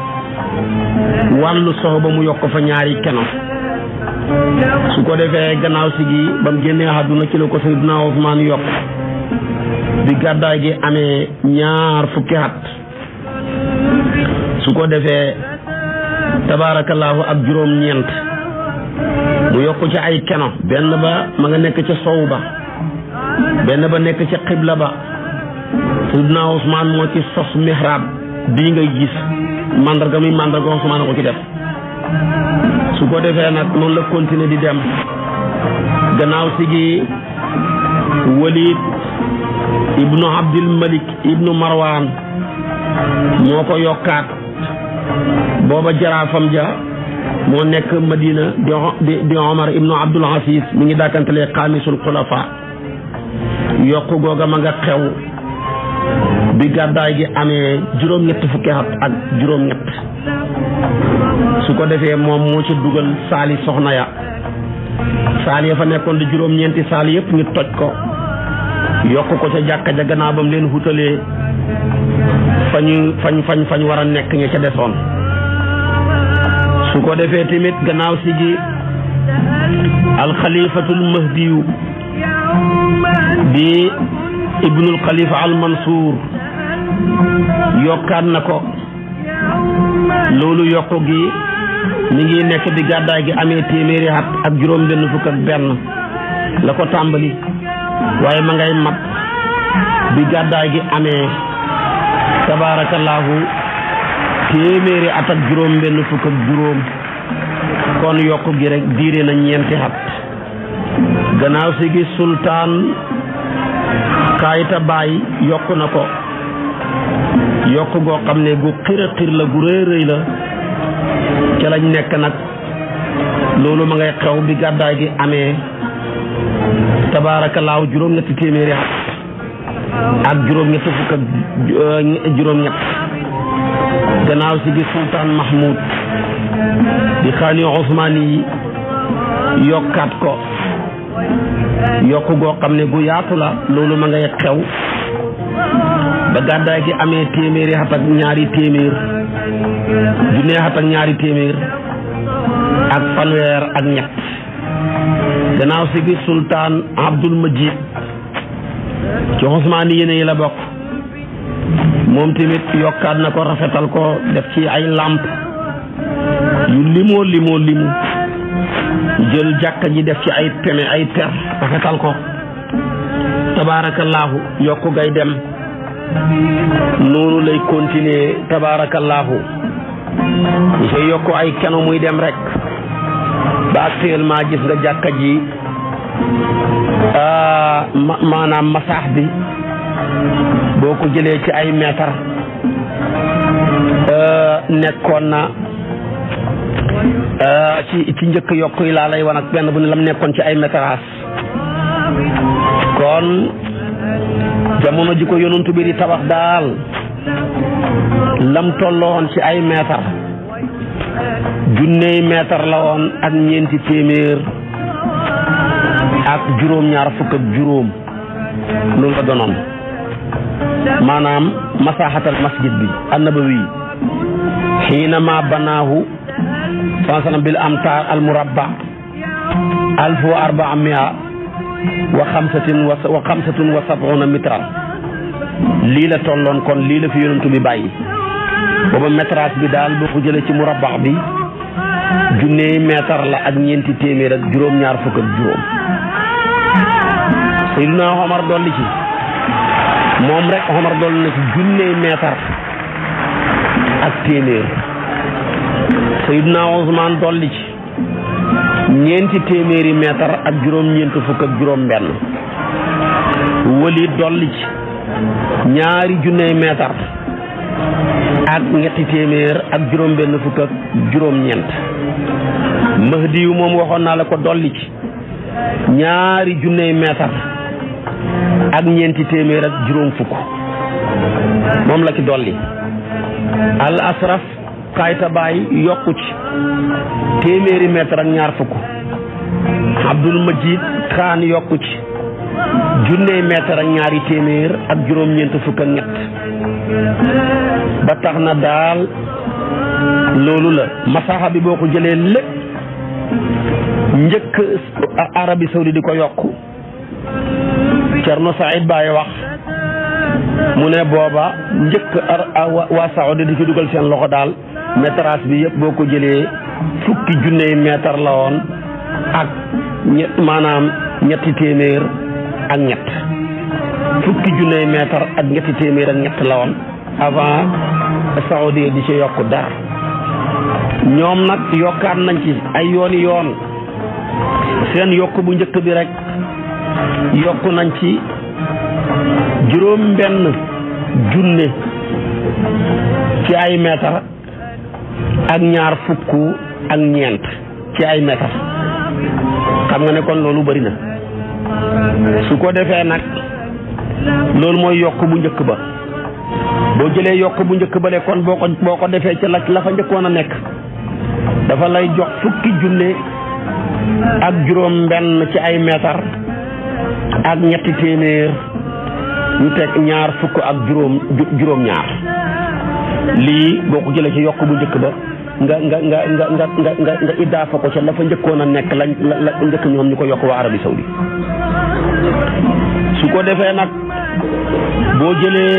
wàllu sow ba mu yokk fa ñaari keno su ko defee gannaaw si gi ba mu génnee àdduna ci la ko Sayyiduna Usmaan yokk bi gàddaay gi amee ñaar fukki at su ko defee tabaarakallaahu ak juróom-ñeent mu yokk ci ay keno benn ba ma nga nekk ca sow ba benn ba nekk ca xibla ba Seydina Ousmane moo ci sos mihrab bii ngay gis mandarga muy mandarga Ousmane ko ci def su ko defee nag noonu la continuer di dem gannaaw si gi waliit ibnu abdil malik ibnu marwan moo ko yokkaat booba jaraafam ja moo nekk madina di di omar ibnu abdul aziz mi ngi dàkkantalee xaamisul xulafa yokku googa ma nga xew bi gàddaay gi amee juróom-ñett fukki at ak juróom-ñett su ko defee moom moo ci dugal saali soxna ya saal ya fa nekkoon di juróom-ñeenti saal yëpp ñu toj ko yokk ko ca jàkka ja gannaaw bam leen hutalee fañu fañ fañ fañ war a nekk ña ca desoon su ko defee tamit gannaaw si gi alxalifatul mahdiyu di ibnul xalifa al mansuur yokkaat na ko loolu yokk gi mi ngi nekk di gàddaay gi amee téeméeri at ak juróom benn fukk ak benn la ko tàmbali waaye ma ngay mat bi gàddaay gi amee tabaarakallaahu téeméeri at ak juróom benn fukk ak juróom kon yokk gi rek diire na ñeenti at gannaaw si gis sultaan kaayita baay yokk na ko yokk goo xam ne gu xir xir la gu rëy rëy la ca lañ nekk nag loolu ma ngay xew bi gàddaay gi amee tabaarakallaahu juróom-ñetti téeméeri at ak juróom ak euh, juróom-ñett gannaaw si gi sultaan mahmoud di xaani yokkaat ko yokk goo xam ne gu yaatu la loolu ma ngay xew ba gàddaay gi amee téeméeri at ak ñaari téeméer junne at ak ñaari téeméer ak fanweer ak ñett gannaaw si gi sultaan abdul majid ci osmaani yéene yi la bokk moom tamit yokkaat na ko rafetal ko def ci ay làmp yu limoo limoo limu jël jàkka ji def ci ay peme ay per rafetal ko tabaarakallaahu yokku gay dem noonu lay continuer tabaarakallaahu ñu yokku ay keno muy dem rek ba actuellement gis nga jàkka ji euh, maanaam masaax bi boo ko jëlee ci ay mètre euh, nekkoon na euh, ci ci njëkk yokk yi laa lay wan ak benn bu ne lam nekkoon ci ay métrage kon jamono ji ko yonantu bi di tabax daal lam tolloon ci ay mètre junney mètre la woon ak ñeenti téeméer ak juróom-ñaar fukk ak juróom loolu la doonoon maanaam masaxatal masjid bi annabawi xiinama banaahu sansanam bil amtaar al murabba alf lii la tolloon kon lii la fi yonentu bi bàyyi booba métrage bi daal boo ko ci ci murabbax bi junneey meetar la ak ñeenti téeméer ak juróom-ñaar fukk ak juróom Seydina Omar dolli ci dolli ci junneey meetar ak téeméer Seydina dolli ci ñeenti téeméeri meetar ak juróom-ñeent fukk ak juróom-benn wali dolli ci ñaari junneey meetar ak ñetti téeméer ak juróom benn fukk ak juróom ñeent mahdi yu moom waxoon naa la ko dolli ci ñaari junney meetar ak ñeenti téeméer ak juróom fukk moom la ci dolli al asraf kayta yokku ci téeméeri meetar ak ñaar fukk abdul majid kaan yokku ci junney meetar ak ñaari téeméer ak juróom ñeent fukk ak ñett ba tax na daal loolu la masaxa bi boo ko jëlee lépp njëkk arabi saudi di ko yokk Cerno Saïd Baye wax mu ne booba njëkk waa saudi di ci dugal seen loxo daal métrage bi yépp boo ko jëlee fukki junney mètre la woon ak ñett maanaam ñetti téeméer ak ñett fukki junney mètre ak ñetti téeméer ak ñett la woon avant saudi di ci yokk dara ñoom nag yokkaat nañ ci ay yooni yoon seen yokk bu njëkk bi rek yokk nañ ci juróom benn junne ci ay meetar ak ñaar fukk ak ñeent ci ay mètre xam nga nekkoon kon loolu bari na su ko defee nag loolu mooy yokk bu njëkk ba boo jëlee yokk bu njëkk ba lekkoon boo ko boo ko defee ca la la fa njëkkoon a nekk dafa lay jox fukki junne ak juróom benn ci ay meetar ak ñetti téeméer ñu teg ñaar fukk ak juróom juróom ñaar lii boo ko jëlee ci yokk bu njëkk ba nga nga nga nga nga ko ca la fa njëkkoon a nekk la njëkk ñoom ñu ko yokk waa Arabie Saoudite su ko defee nag boo jëlee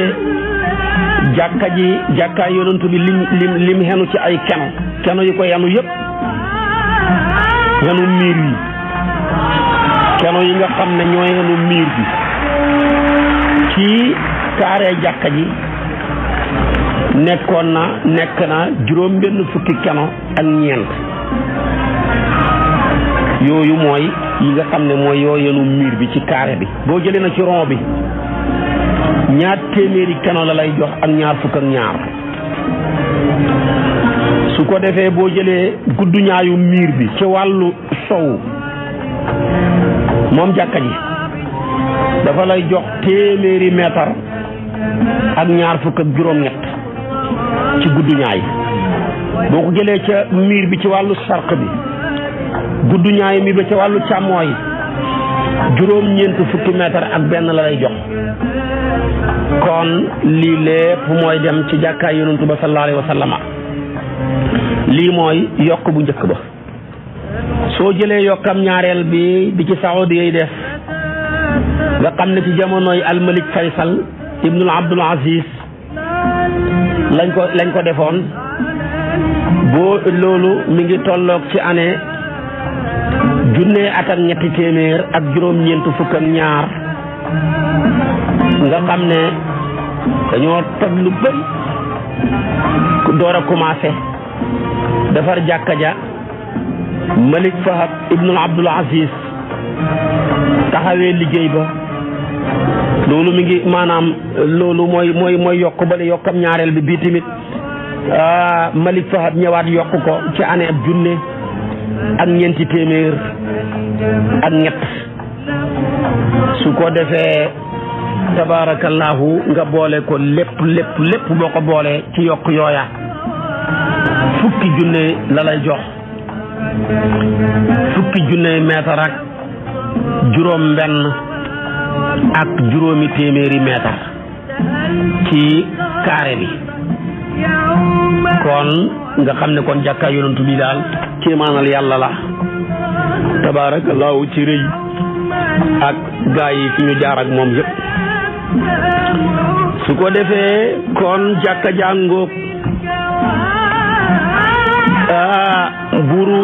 jàkka ji jàkkaay yonantu bi lim lim lim xenu ci ay keno keno yi ko yenu yépp xenu miir yi keno yi nga xam ne ñooy xenu miir bi ci kaaree jàkka ji nekkoon na nekk na juróom benn fukki keno ak ñeent yooyu mooy yi nga xam ne mooy yoo yenu miir bi ci kaare bi boo jëlee na ci rond bi ñaar téeméeri kanon la lay jox ak ñaar fukk ak ñaar su ko defee boo jëlee gudd ñaayu miir bi ci wàllu sow moom jàkka ji dafa lay jox téeméeri meetar ak ñaar fukk ak juróom-ñett ci gudd ñaay boo ko jëlee ca miir bi ci wàllu sarq bi gudd ñaay mi ba ca wàllu càmmooy juróom-ñeent fukki mètre ak benn la lay jox kon lii lépp mooy dem ci jàkkaay yonantu ba sallallahu alayhi lii mooy yokk bu njëkk ba soo jëlee yokkam ñaareel bi bi ci saudi yay def nga xam ne ci jamonoy almalik faysal ibnul abdul aziz lañ ko lañ ko defoon boo loolu mi ngi tolloog ci année junne at ñetti témèr ak juroom ñent fukk ak ñaar nga xamné dañoo tag lu bëri ku doora commencé defar jakaja ja malik fahab ibnul abdul aziz taxawé liggéey ba lolu mi ngi maanaam moy moy moy mooy yokk bale yokam ñaarel bi timit ah malik fahab ñewat yok ko ci année ab ak ñeenti téeméer ak ñett su ko defee tabaarakallaahu nga boole ko lépp lépp lépp boo ko boolee ci yokk yooya fukki junne la jox fukki junne meetar ak juróom benn ak juróomi téeméeri meetar ci carré bi kon nga xam ne kon jàkkaay yonantu bi daal kéemaanal yàlla la tabaarakallaahu ci rëy ak gaa yi fi ñu jaar moom yëpp su ko defee kon jàkka jàngoog ah, buuru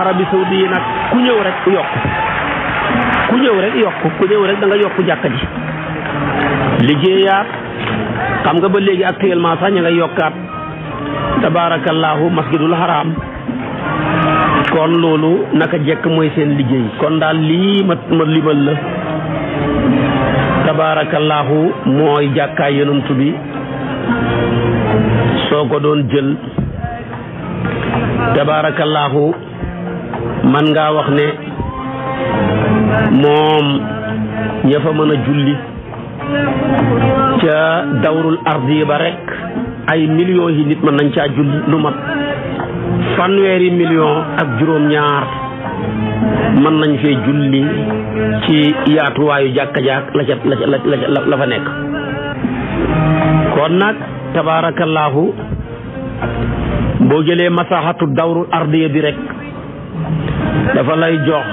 arabi saudi yi nag ku ñëw rek yokk ku ñëw rek yokk ku ñëw rek da nga jàkka ji liggéeyaat xam nga ba léegi actuellement sax ñu nga yokkaat tabaarakallaahu masjidul haram kon loolu naka jekk mooy seen liggéey kon daal lii ma ma limal la tabaarakallaahu mooy jàkkaay yonumtu bi soo ko doon jël tabaarakallaahu man ngaa wax ne moom ña fa mën a julli ca dawrul ardi ba rek ay million yi nit mën nañ caa julli lu mat fanweeri million ak juróom-ñaar mën nañ fee julli ci yaatuwaayu jàkka jàkk la la la fa nekk kon nag tabaarakallaahu boo jëlee masaxatu dawrul ardiya bi rek dafa lay jox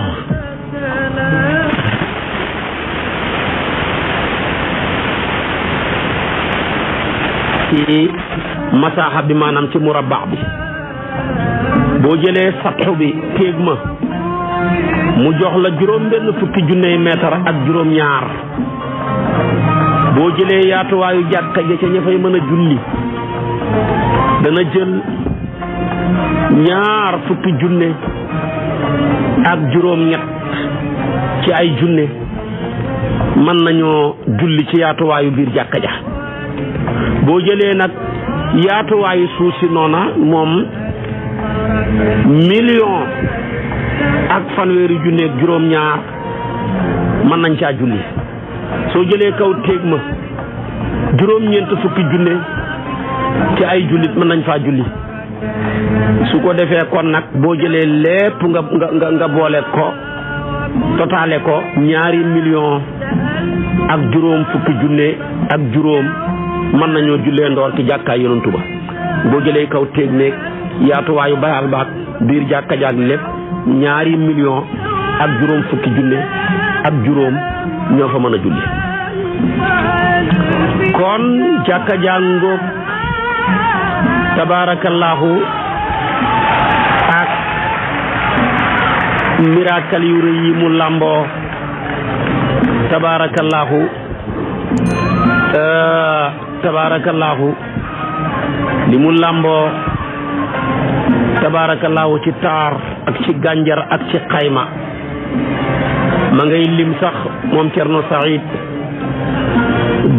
ci masaaxa bi maanaam ci murabbax bi boo jëlee satxu bi téeg ma mu jox la juróom benn fukki junney meetar ak juróom ñaar boo jëlee yaatuwaayu jàkka ja ca ña mën a julli dana jël ñaar fukki junne ak juróom ñett ci ay junne mën nañoo julli ci yaatuwaayu biir jàkka ja boo jëlee nag yaatuwaayu suuf yi noona moom million ak fanweeri junneeg juróom-ñaar mën nañ caa julli soo jëlee kaw téeg ma juróom-ñeent fukki junne ci ay jullit mën nañ faa julli su ko defee kon nag boo jëlee lépp nga nga nga boole ko totaale ko ñaari million ak juróom fukki junne ak juróom mën nañu jullee ndoor ci jàkkaay yonantu ba boo jëlee kaw téeg néeg yaatuwaayu bayaal baak biir jàkka jaag lépp ñaari million ak juróom fukki junne ak juróom ñoo fa mën a julli kon jàkka jaag ngóog tabaarakallaahu ak miraakal yu rëy yi mu làmboo tabaarakallaahu euh, tabaarakallaahu li mu làmboo tabaarakallaahu ci taar ak ci gànjar ak ci xayma ma ngay lim sax moom Cerno Saïd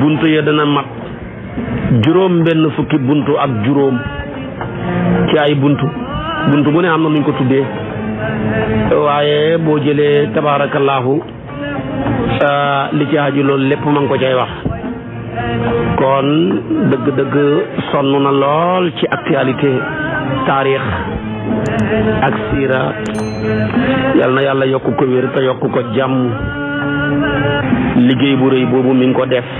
bunt ya dana mat juróom benn fukki buntu ak juróom ci ay bunt bunt bu ne am na nuñ ko tuddee waaye boo jëlee tabaarakallaahu ah, li ci haju loolu lépp ma ngi ko cay wax kon dëgg-dëgg sonn na lool ci actualité taarix ak siira yal na yàlla yokk ko wér te yokk ko jàmm liggéey bu rëy boobu mi ngi ko def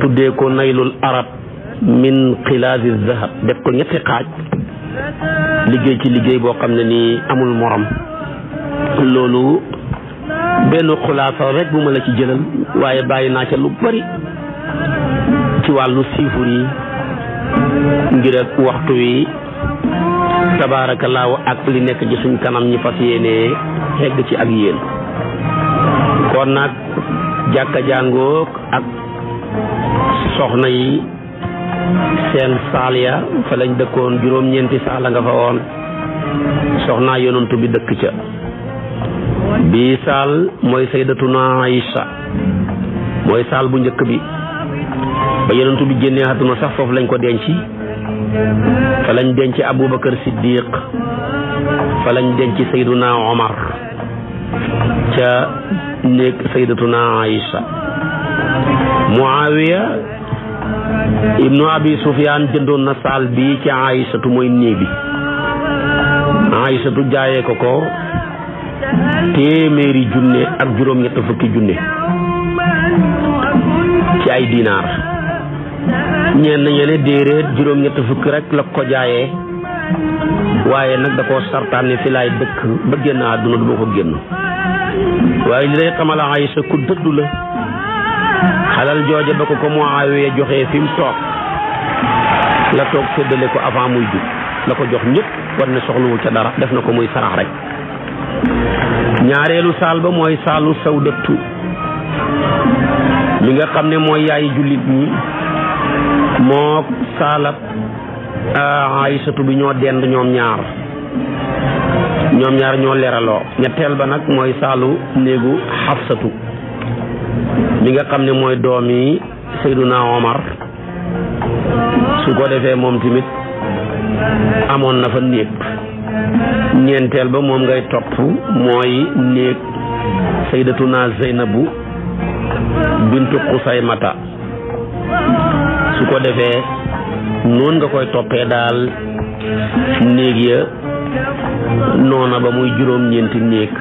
tuddee ko naylul arab min xilaazi zahab def ko ñetti xaaj liggéey ci liggéey boo xam ne nii amul morom loolu benn xulaafa rek bu ma la ci jëlal waaye bàyyi naa ca lu bari ci wàllu siifur yi ngir ak waxtu wi tabaarakallaahu ak li nekk ci suñ kanam ñi fas yéenee xegg ci ak yéen kon nag jàkka jàngook ak soxna yi seen saal ya fa lañ dëkkoon juróom-ñeenti saala nga fa woon soxnaa yonantu bi dëkk ca bii saal mooy saydatuna Aïcha mooy saal bu njëkk bi ba yonentu bi génnee sax foofu lañ ko denc fa lañ denc Aboubacar Siddiq fa lañ denc sayduna Omar ca néeg saydatuna ibnu abi Sufyaan jëndoon na saal bii ci Aïchatu mooy néeg bi Aïchatu jaayee ko ko téeméeri junne ak juróom-ñett fukki junne ci ay dinaar ñenn ñene déeréet juróom-ñett fukki rek la ko jaayee waaye nag da koo sartaan ne fi laay dëkk ba génn àdduna du ko génn waaye li lay xamal Aysa ku dëddu la xalal jooje ba ko ko Muawiya joxee fi mu toog la toog séddale ko avant muy jub la ko jox ñëpp war ne soxlawu ca dara def na ko muy sarax rek ñaareelu saal ba mooy saalu sawdatu li nga xam ne mooy yaayi jullit ñi moo saalab aysatu bi ñoo dend ñoom ñaar ñoom ñaar ñoo leeraloo ñetteel ba nag mooy saalu néegu xafsatu li nga xam ne mooy doomi Seyduna Omar su ko defee moom tamit amoon na fa néeg ñeenteel ba moom ngay topp mooy néeg saydatuna bu bintu xusay mata su ko defee noon nga koy toppee daal néeg ya noona ba muy juróom ñeenti néeg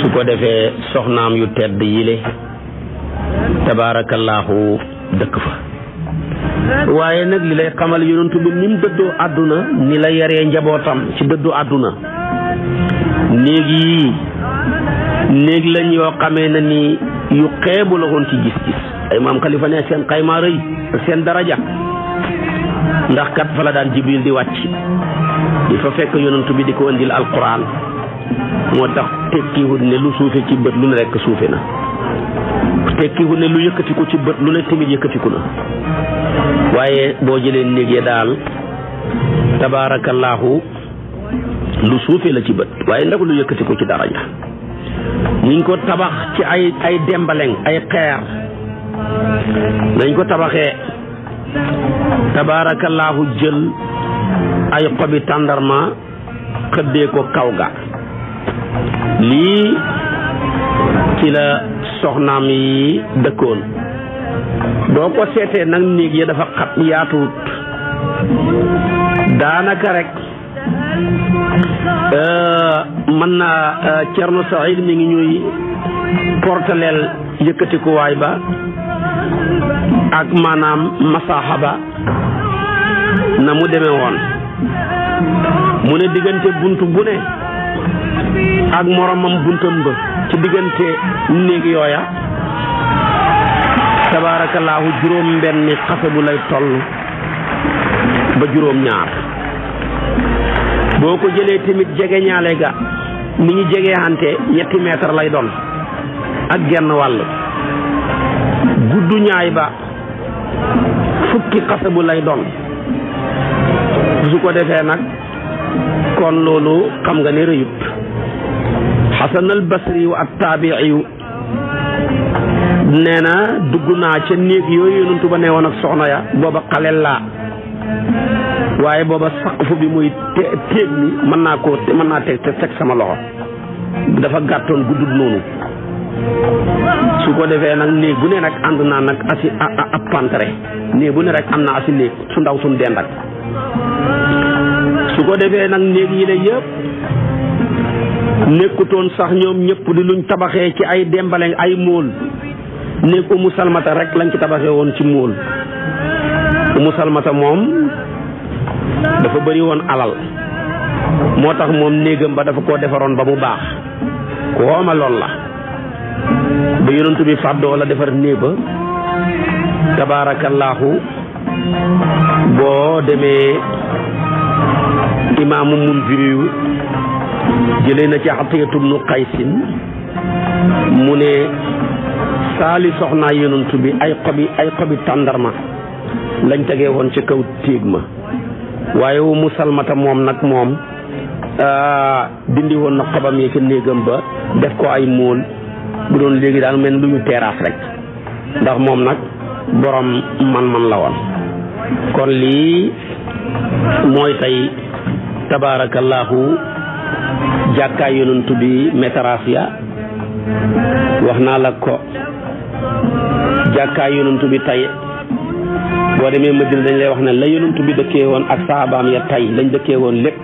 su ko defee soxnaam yu tedd yile tabaarakallaahu dëkk fa waaye nag li lay xamal yonent bi ni mu dëddoo àdduna ni la yaree njabootam ci dëddu àdduna néeg yii néeg lañ yoo xamee na ni yu xeebu la woon ci gis-gis ay xalifa ne seen xaymaa rëy ak seen daraja ndax kat fa la daan jibril di wàcc di fa fekk yonent bi di ko indil alquran moo tax tekkiwut ne lu suufe ci bët lu ne rekk suufe na tekkiwut ne lu yëkkatiku ci bët lu ne tamit yëkkatiku na waaye boo jëlee néeg ya daal tabaarakallaahu lu suufee la ci bët waaye nag lu yëkkati ko ci daraja niñ ko tabax ci ay ay dembaleng ay xeer nañ ko tabaxee tabaarakallaahu jël ay xobi tàndarma xëddee ko kaw ga lii ci la soxnaam yi dëkkoon boo ko seetee nag néeg ya dafa xat yaatuwut daanaka rek euh, mën naa euh, Cerno Saïd mi ngi ñuy portaleel yëkkatikuwaay ba ak maanaam masaaxa ba na mu demee woon mu ne diggante bunt bu ne ak moromam buntam ci diggante néeg yooya tabaarakallaahu juróom benni xasabu lay toll ba juróom ñaar boo ko jëlee tamit jege ñaale ga ni ñu jegee xante ñetti mètre lay doon ak genn wàll gudd ñaay ba fukki xasabu lay doon su ko defee nag kon loolu xam nga ne rëyut xasanal basri ak taabiiyu nee na dugg naa ca néeg yooyu yonantu ba ne woon ak soxna ya booba xale laa waaye booba saqfu bi muy te téeg mi mën naa koo mën naa teg teg sama loxo dafa gàttoon guddul noonu su ko defee nag néeg bu ne rek ànd naa nag asi ab bu ne rek am naa asi néeg su ndaw suñ dend ak ko defee nag néeg yi la yëpp nekkutoon sax ñoom ñëpp di luñ tabaxee ci ay dembale ay móol néeg umu salmata rek lañ ko tabaxee woon ci móol umu salmata moom dafa bari woon alal moo tax moom néegam ba dafa koo defaroon ba mu baax wooma lool la ba yonent bi fàddoo la defar néeg ba tabaarakallaahu boo demee imaamu Munziri yu jëlee na ci Atiyatu bnu Qaysin mu ne saali soxna yonent bi ay xobi ay xobi tandarma lañ tege won ci kaw tigma waye wu musalmata nak mom ah dindi won na xobam yi ci néegam ba def ko ay mool bu doon léegi dal mel luñu terrasse rek ndax mom nak borom man-man la won kon li moy tay yonent bi métarafia waxna la ko jàkkaay yonent bi tay boo demee Madina dañ lay wax ne la yonent bi dëkkee woon ak saabaam ya tay lañ dëkkee woon lépp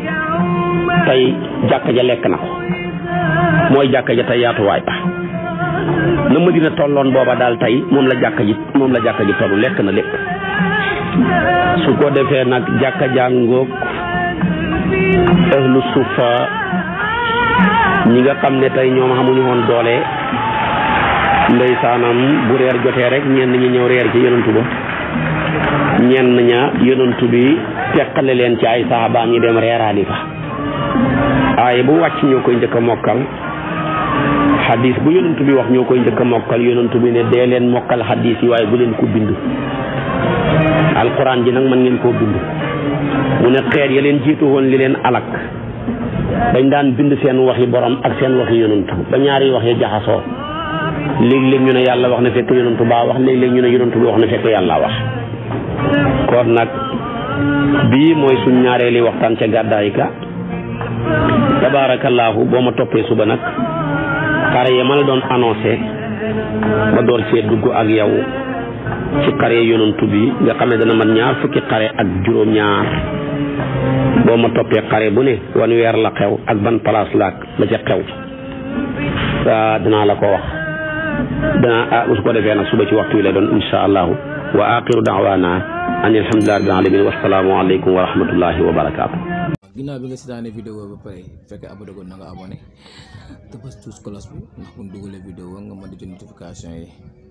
tay jàkka ja lekk na mooy jàkka ja tay yaatuwaay ba na Madina tolloon booba daal tay moom la jàkka ji moom la jàkka ji tollu lekk na lépp su ko defee nag jàkka jàngoog ahlu sufa ñi nga xam ne tey ñoom xamuñu woon doole ndeysaanam bu reer jotee rek ñenn ñi ñëw reer ci yonantu ba ñenn ña yonantu bi teqale leen ci ay saxaabaam yi dem reeraani fa aaye bu wàcc ñoo koy njëkk a mokkal xadis bu yonantu bi wax ñoo koy njëkk a mokkal yonantu bi ne dee leen mokkal xadis yi waaye bu leen ko bind alquran ji nag man ngeen koo bind mu ne xeer ya leen jiitu woon li leen alak dañ daan bind seen waxi borom ak seen waxi yonantu ba ñaari wax ya léeg-léeg ñu ne yàlla wax na fekk yonantu baa wax léeg-léeg ñu ne yonantu bi wax na fekk yàlla wax kon nag bii mooy suñ ñaareeli waxtaan ca gàddaay ka tabaarakallaahu boo ma toppee suba nag xare ya ma la doon annoncé ma door cee dugg ak yow ci xare yonantu bi nga xam ne dana man ñaar fukki xare ak juróom-ñaar boo ma toppee xare bu ne wan weer la xew ak ban place laak la ca xew danaa la ko wax dana su ah, ko defee nag ci waxtu wi lay doon insha allahu wa aqiru daawana ani alhamdulilah rabbil alamin wasalaamu aleykum wa rahmatullahi wa barakaatu ginnaaw bi nga ba pare fekkee abonné goon na nga te bés tuus cloche bu ñu dugalee vidéo nga mën di jot notification